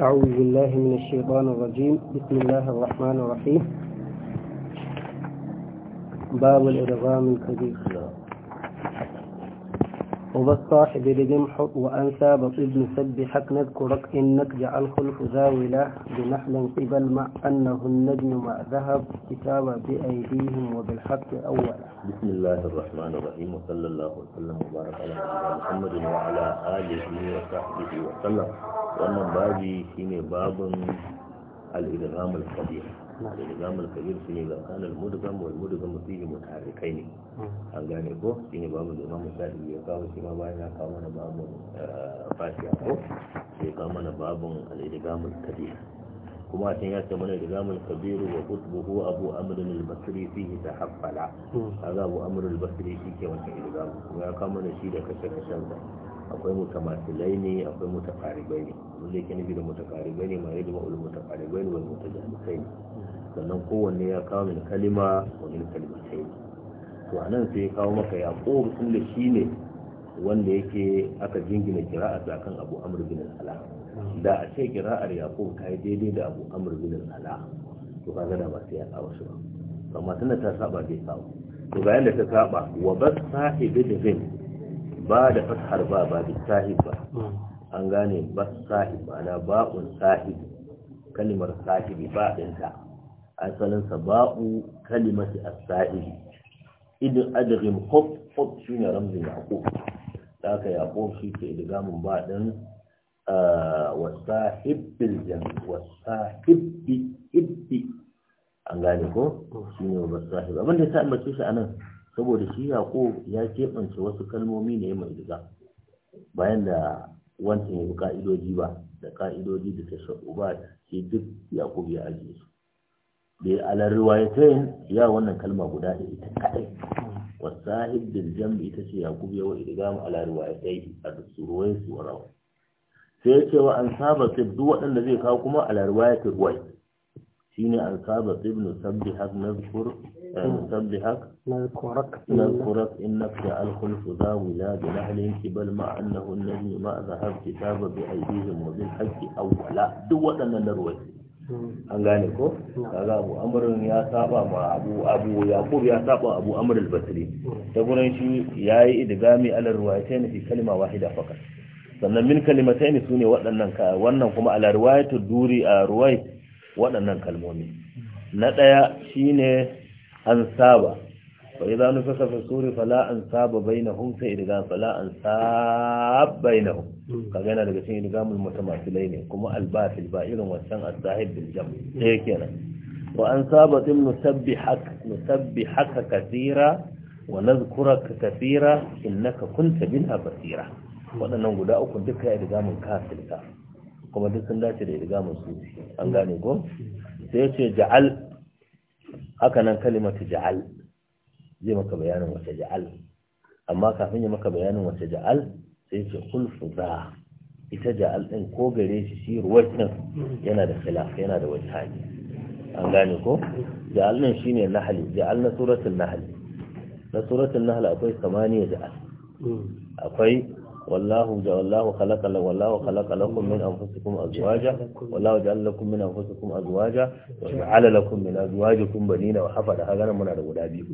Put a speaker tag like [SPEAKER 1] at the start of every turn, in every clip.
[SPEAKER 1] أعوذ بالله من الشيطان الرجيم بسم الله الرحمن الرحيم
[SPEAKER 2] باب الإرغام الكبير وبالصاح بردمح لجمح وأنسى بطيب سبحك نذكرك إنك جعل خلف ذاوي له بنحل قبل مع أنه النجم مع ذهب كتاب بأيديهم وبالحق أولا بسم الله الرحمن الرحيم وصلى الله وسلم وبارك على محمد وعلى آله وصحبه وسلم wannan babi shine babun al-idgham al-kabir al-idgham al-kabir shine da kana al-mudgham wal mudgham fihi mutarikai ne hmm. an gane ko shine babun da Imam Sadi ya kawo shi ma bayan ya kawo mana babu eh, fasiya ko sai kawo mana babun al-idgham al-kabir kuma a ya ce mana al-kabir wa qutbuhu abu amr al-basri fihi tahaffala hmm. kaga abu amr al-basri shike wannan wancan kuma ya kama mana shi da kashe kashen akwai mutamasilai ne akwai mutafaribai ne abin da yake nufi da bai ne ma yadda mutakari bai ne wani mutajalisai ne sannan kowanne ya kawo min kalima wa min kalimatai to a nan sai ya kawo maka ya sun da shi ne wanda yake aka jingina kira'a ta kan abu amur bin ala da a ce kira'ar yaqub ta yi daidai da abu amur bin ala to ka da ba sai ya kawo shi ba amma tana ta saba bai kawo to ga yadda ta saba wa ba sahibi da zai ba da fasahar ba ba da sahib ba hmm. an gane bas sahib ana ba'un sahibi kalimar sahibi ba ɗinta asalinsa ba'u kalimati a sahibi idin adrim hop hop shi ne ramzin yaƙo da aka yaƙo shi ke idgamin ba ɗin wasahibbil jam bi hibbi an gane ko shi ne sahibi. abin da ya sa ambace shi anan saboda shi yaƙo ya keɓance wasu kalmomi ne mai idgam bayan da wancan ya bi ka'idoji ba da ka'idoji da ba shi duk kubi ya ajiye su da alar riwayatain ya wannan kalma guda da ita kadai wasahib bil jambi ita ce yaqub ya wa idgam ala riwayatain a ruwai su warawa sai ya ce wa an saba duk waɗanda zai kawo kuma ala riwayatain shine al-sabit ibn sabbihak nazkur eh, hmm. sabbihak nazkurak nazkurak innaka al-khulf za wilad nahlin kibal ma annahu alladhi ma zahab kitaba bi aydihim wa bil haqqi awwala duk waɗannan narwai hmm. an gane ko kaga abu amrun ya saba ma abu abu yaqub ya saba abu amr al-basri da hmm. gurin shi yayi idgami ala riwayatayn fi kalma wahida faqat sannan min kalimatayn sune waɗannan ka wannan kuma ala riwayatu duri a riwayat waɗannan kalmomi na ɗaya shine an saba fa idza nufika fi suri fala an saba bainahum sai idza fala an saba bainahum ka yana daga cikin mutu masu ne kuma albatil ba irin wancan as-sahib bil jam sai kenan wa an saba tin nusabbihak nusabbihaka kathira wa nadhkuraka kathira innaka kunta bina basira waɗannan guda uku duka idgamul kasilta kuma duk sun dace da riga musu an gane ko sai ce ja'al haka nan kalimatu ja'al zai maka bayanin wata ja'al amma kafin ya maka bayanin wata ja'al sai ce kulfu fuza ita ja'al din ko gare shi shi ruwan yana da khilaf yana da wajhani an gane ko ja'al din shine nahl ja'al na suratul nahl na suratul nahl akwai samaniya ja'al hmm. akwai والله والله خلق والله خلق لكم من انفسكم ازواجا والله جعل لكم من انفسكم ازواجا وجعل لكم من ازواجكم بنين وحفظ هذا muna da guda biyu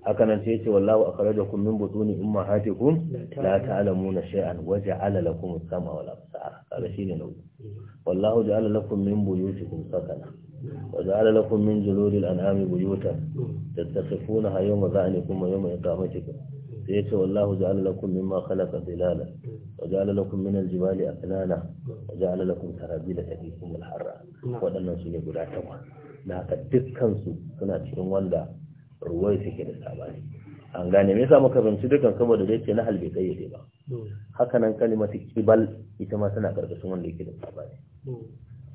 [SPEAKER 2] haka nan sai yace wallahu akhrajakum min butuni ummahatikum la ta'lamuna shay'an wa ja'ala lakum as-sama wal absara kaga shine nau wallahu ja'ala lakum min buyutikum sakana وجعل لكم من جلود الأنعام بيوتا تتخفونها يوم ذعنكم ويوم إقامتكم sai yace wallahu ja'ala lakum mimma khalaqa zilala wa ja'ala lakum min al-jibali aqlala wa ja'ala lakum sarabila taqikum al-harra wadannan sune guda takwas da haka dukkan su suna cikin wanda ruwai suke da sabani an gane me yasa muka binci dukkan kama da yake na halbe kayyade ba haka nan kalimatu kibal ita ma tana karkashin wanda yake da sabani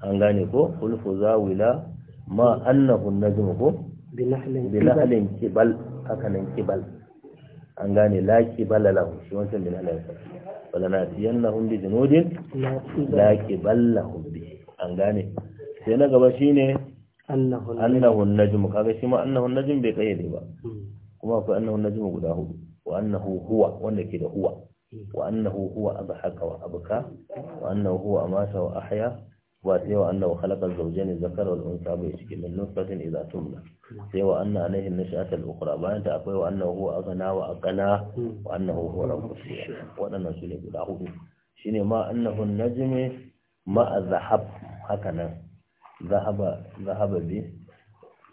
[SPEAKER 2] an gane ko kulfu zawila ma annahu najmu ko bi kibal haka nan kibal an gane laki balla shi wancan da Allah ya sa wala na tiyannahum bi junudin laki balla bi an gane sai na gaba shine
[SPEAKER 1] annahu
[SPEAKER 2] najmu kaga shi ma annahu najm bai kayyade ba hmm. kuma akwai annahu najm guda hudu wa annahu huwa wanda ke da huwa hmm. wa annahu huwa haka wa abka wa annahu huwa amata wa ahya wa sai wa annahu khalaqa zawjayn dhakar wal untha bi shikki min nutfatin sai wa anna alayhi nash'at al ukhra bayan ta akwai wa annahu huwa aghna wa wa annahu huwa rabbus guda hudu shine ma annahu najmi ma zahab haka nan zahaba bi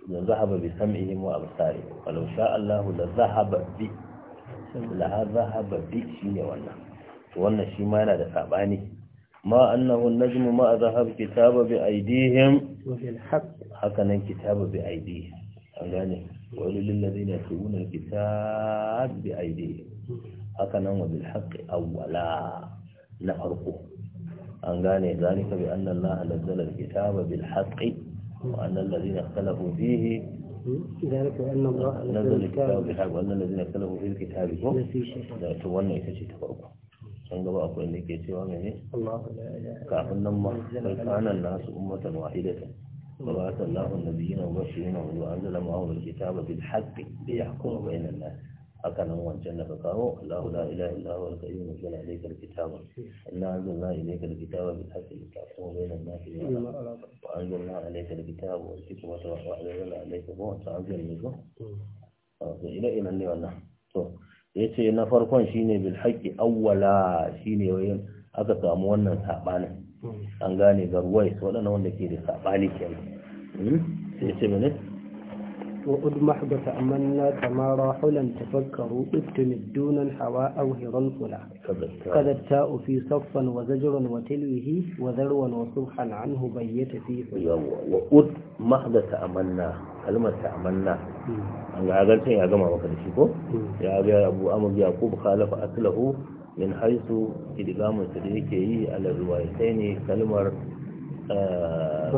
[SPEAKER 2] dan zahaba bi sam'ihi wa absari wa law sha Allahu la zahaba bi la zahaba bi shine wannan to wannan shi ma yana da saɓani. ما أنه النجم ما ذهب كتاب بأيديهم وبالحق حقا كتاب بأيديهم أغاني وقالوا للذين يكتبون الكتاب بأيديهم حكنا وبالحق أولا نفرقه أغاني ذلك بأن الله نزل الكتاب بالحق وأن الذين اختلفوا فيه
[SPEAKER 1] ذلك أن الله نزل الكتاب
[SPEAKER 2] بالحق وأن الذين اختلفوا فيه الكتاب لا تولى إتشي تفرقه sun gaba akwai ne ke cewa ne ne
[SPEAKER 1] kafin nan ma sai kanan
[SPEAKER 2] nasu ummatan wahida ta hmm. wa ba ta lahun nabi yana wasu yana wuzu an ma wani ke bil haƙƙi da ya kuma bai haka nan wancan da kawo allahu la ilaha illahu hmm. wa ta yi mu gina ne ka rikita ba ina an bil haƙƙi da ya kuma bai nan na ke yi ba an zala ne ka rikita ba kuma wa ba a hmm. to ina ina ne wannan to ya ce na farkon shine bil haƙƙi awwala shine wayin aka samu wannan saɓanin an gane garwai wanda ke da saɓani ke hmm? sai ce mene وقد محبط أمنا كما راحلا تفكروا ابتم دون الهواء أو هرا فلا قد التاء في صفا وزجر وتلوه وذروا وصبحا عنه بيت في وقد محبط أمنا kalmar amanna hmm. an ga agarcin ya gama maka da shi ko hmm. ya ga abu amur ba khalafa aslahu min haisu su da yake yi ala riwayatai ne kalmar eh,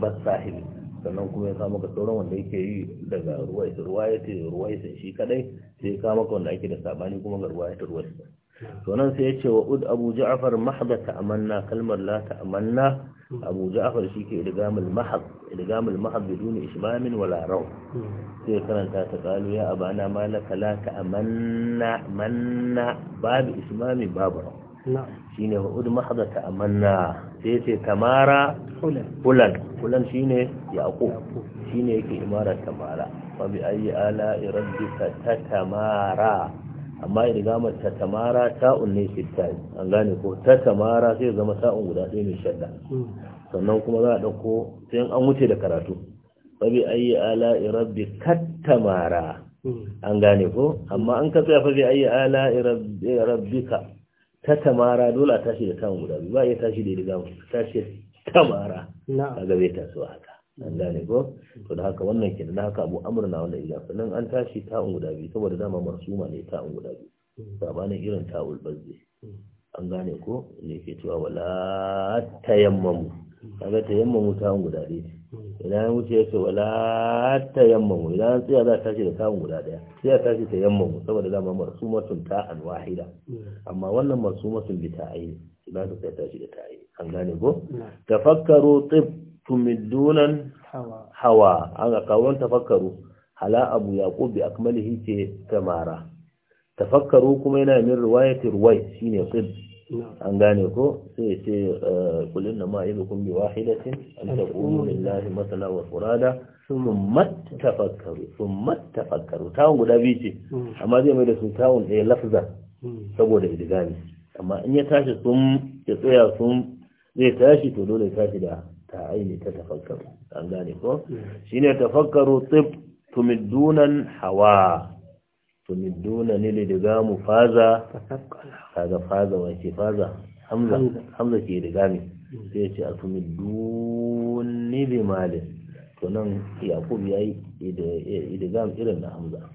[SPEAKER 2] basahibi sannan kuma ya kama ka sauran wanda yake yi daga ruwayatai ruwayatai shi kadai sai ya kama ka wanda ake da sabani kuma ga ta ruwaya to sai ya ce wa ud abu ja'far mahda ta'amanna kalmar la ta'amanna abu ja'far shike idgamul mahab idgamul mahab bidun isbamin wala raw sai karanta ta qalu ya abana malaka la ta'amanna manna babu ismami babu raw shine wa ud mahda ta'amanna sai ya ce tamara fulan fulan shine yaqub shine yake imara tamara fa bi ayi ala rabbika tatamara amma idgama ta tamara ta'un ne fitai an gane ko ta tamara sai zama ta'un guda ɗaya mai shadda sannan kuma za a ɗauko sai an wuce da karatu fabi ayi ala irabbi kattamara an gane ko amma an ka tsaya fabi ayi ala rabbika ta tamara dole a tashi da ta'un guda biyu ba iya tashi da idgama tashi tamara kaga zai taso haka an gane ko to da haka wannan ke da haka abu amur na wannan idan. sannan an tashi ta un guda biyu saboda dama marsuma ne ta un guda biyu sabanin irin ta'ul bazzi an gane ko ne ke cewa wala tayammamu kaga tayammamu un guda biyu idan ya wuce ya ce wala tayammamu idan an tsaya za a tashi da un guda daya sai a tashi tayammamu saboda dama marsumatun al wahida amma wannan marsumatun bi ta'ayi za su ta tashi da ta'ayi an gane ko tafakkaru tib tumiddunan hawa an ga kawon tafakkaru hala abu yaqub bi akmalihi ce tamara tafakkaru kuma yana min riwayati ruwai shine qid an gane ko sai ce kullun eh, ma yabukum bi wahidatin an taqumu lillahi masala wa furada thumma tafakkaru thumma tafakkaru tawun guda biyu ce hmm. amma zai mai da su tawun ɗaya lafza hmm. saboda idigami amma in ya tashi sun ya tsaya sun zai tashi to dole ya tashi da ta aini ta tafakkaru an gane ko hmm. shine tafakkaru tib tumidunan hawa tumidunan ne da mu faza kaga faza wace faza hamza hamza ke riga ne hmm. sai ya ce a tumiduni bi malin to nan yakub ya yi gam irin na hamza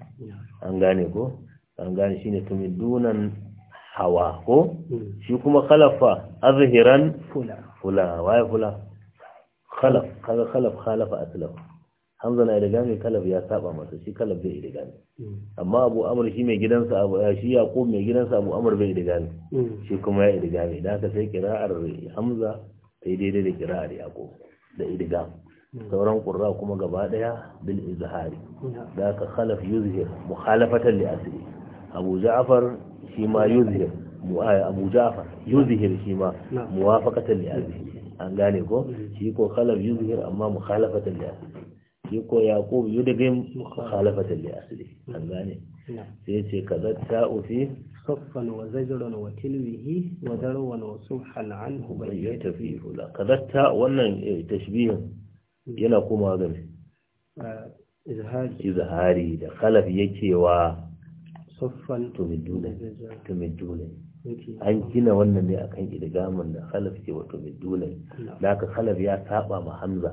[SPEAKER 2] an gane ko an gane shine tumidunan hawa ko hmm. shi kuma khalafa azhiran fula fula waye fula kalaf kaga kalaf khalafa aslaf hamza na riga mai kalaf ya saba masa shi kalaf bai riga ne hmm. amma abu amr shi mai gidansa abu eh, shi yaqub mai gidansa abu amr bai riga ne hmm. shi kuma ya riga ne dan haka sai kira'ar hamza sai daidai da kira'ar yaqub da idiga hmm. sauran qurra kuma gaba daya bil izhari da haka khalaf yuzhir mukhalafatan li asli abu ja'far shi ma yuzhir eh, abu ja'far yuzhir shi ma muwafaqatan li asli an gane ko mm. shi ko khalaf yuzhir amma mukhalafatan li asli shi ko yaqub yudghim mukhalafatan li asli an gane sai ce kaza ta'u fi wa وزجرا وتلوه وذروا وصبحا عنه بيت فيه لا كذلك wannan eh, tashbihin mm. yana kuma game
[SPEAKER 1] uh, izhari izhari da
[SPEAKER 2] khalaf yake wa saffan tumiduna tumiduna an gina wannan ne akan idgamin da khalaf ke wato miduna da ka khalaf ya saba ma hamza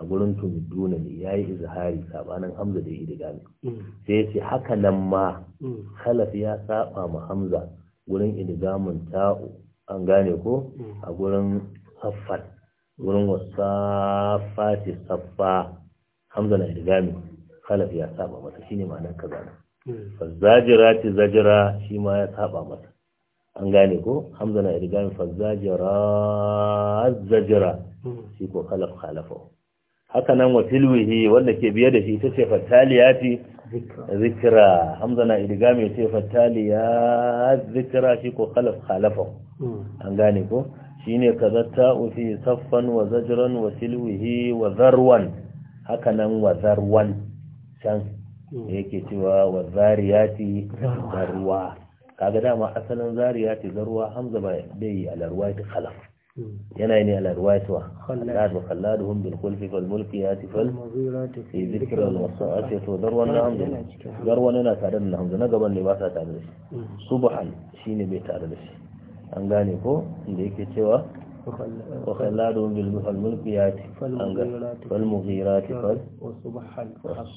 [SPEAKER 2] a gurin to miduna ne yayi izhari sabanin hamza da idgami mm. sai yace haka nan ma mm. khalaf ya saba ma hamza gurin idgamin ta'u an gane ko mm. a gurin saffat gurin fati saffa hamza na idgami khalaf ya saba mata shine ma'anar kaza ne ce zajira shi ma ya saba masa an gane ko hamza na irgan fazajira zajira hmm. shi ko kalaf khalafa haka nan wa tilwihi wanda ke biye da shi ita ce fataliyati zikra hamza na irgan ta ce fataliya zikra shi ko kalaf khalafa hmm. an gane ko shine kaza ta'u fi saffan wa zajran wa tilwihi wa zarwan haka nan wa zarwan can hmm. yake cewa wa zariyati zarwa kaga dama asalin zariya ta zarwa hamza ba a ala ruwayat khalaf hmm. yana ne ala ruwayat wa khallad wa khalladuhum bil khulf wal mulkiyat fal fi dhikr al wasa'at to zarwan na hamza zarwan yana tare da hamza na gaban ne ba sa tare da shi hmm. subhan shine bai tare da shi an gane ko inda yake cewa وخلادهم بالملكيات فالمغيرات فال والصبح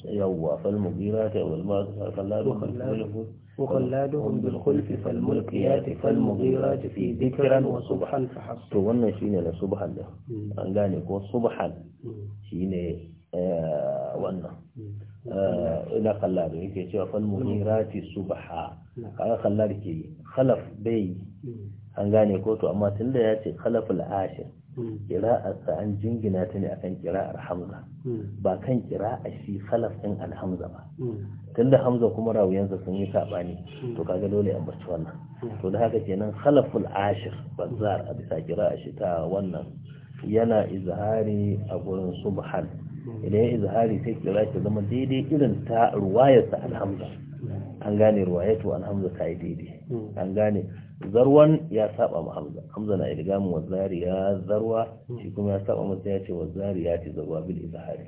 [SPEAKER 2] يوا فالمغيرات والمغيرات والمغيرات وقلادهم بالخلف فالملقيات فالمغيرات في ذكرا وصبحا فحسب to wannan shine na subhan da an gane ko subhan shine wannan ina kallado yake cewa falmuhirati subha kaga kallar ke khalaf bai an gane ko to amma tunda ya ce khalaful ashir ƙira'arsa an jingina ta ne akan ƙira'ar hamza ba kan kira'a shi salaf ɗin alhamza ba tunda hamza kuma rawuyansa sun yi saɓani to kaga dole a barci wannan to da haka kenan salaful ashir bazar a bisa kira'a shi ta wannan yana izhari a gurin subhan idan ya izhari sai ƙira ta zama daidai irin ta ruwayarsa alhamza an gane to alhamza ta yi daidai an gane zarwan ya saba ma hamza hamza na ilga wa zariya zarwa shi kuma ya saba masa ya ce zariya ce zarwa bil izhari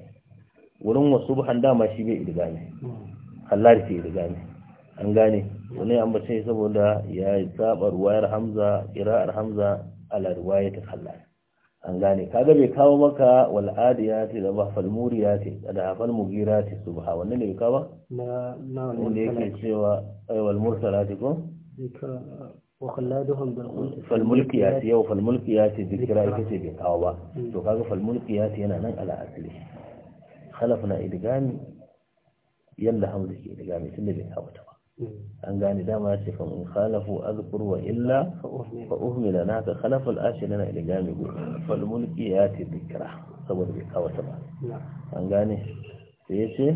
[SPEAKER 2] wurin wasu buhan dama shi bai ilga hallari ce ilga an gane wani an bace saboda ya saba ruwayar hamza qira'ar hamza ala ta hallari an gane kaga bai kawo maka wal adiyati da ba falmuriyati da hafal mugirati subha wannan ne bai kawo
[SPEAKER 1] ba na na wanda yake
[SPEAKER 2] cewa eh, wal mursalati ko
[SPEAKER 1] وخلادهم بالخلد فالملكيات
[SPEAKER 2] يو فالملكيات ذكرى كتي بكاو با تو كاغا فالملكيات yana nan ala asli khalafna idgami yalla hamza ke idgami tunda bai kawo ba an gane dama ya ce fa mun khalafu azkur wa illa fa uhmila na ka khalafa al-ashir na idgami go fal mulkiyati dhikra saboda bai kawata ba an gane sai yace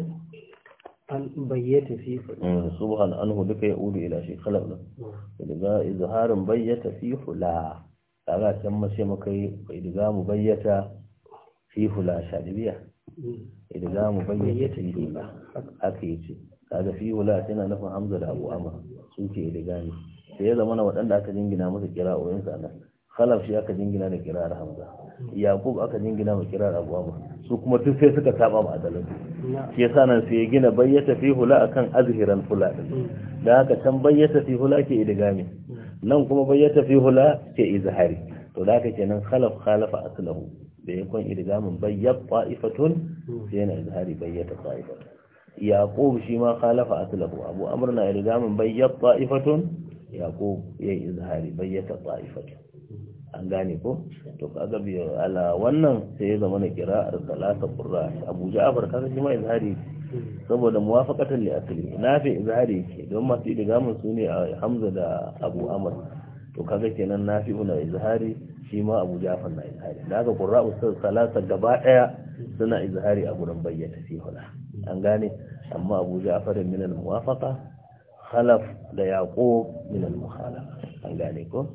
[SPEAKER 1] an bayyata fi eh,
[SPEAKER 2] subhan anhu duka ya udu ila shi khalaq da hmm. daga izharin bayyata fi hula kaga can mace maka yi da mu bayyata fi hula shadibiya hmm. idan mu bayyata fi hula haka yace kaga fi hula tana nufin hamza da abu amma suke da gani sai ya zama na waɗanda aka jingina masa kira'o'insa nan khalaf shi aka jingina da kirar hamza yaqub aka jingina ma kirar abu amr su kuma duk sai suka saba ma adalan shi yasa nan sai ya gina bayyata fi hula akan azhiran hula din mm. da haka can bayyata fi hula ke idgami mm. nan kuma bayyata fi hula ke izhari to da haka kenan khalaf khalafa aslahu da yakon idgamin bayyat ta'ifatun mm. sai yana izhari bayyata ta'ifatun yaqub shi ma khalafa aslahu abu amr na idgamin bayyat ta'ifatun yaqub yayi izhari bayyata ta'ifatun an gane ko to ga biyo ala wannan sai ya zama na kira'ar salata qurra Abu Ja'far kaga shi ma izhari saboda muwafaqatan li akli nafi izhari ke don masu mun su ne Hamza da Abu Amr to kaga kenan nafi una izhari shi ma Abu Ja'far na izhari daga qurra qurra salata gaba daya suna izhari a gurin bayyana sihuna an gane amma Abu Ja'far min al-muwafaqa khalaf da yaqub min al-mukhalafa an gane ko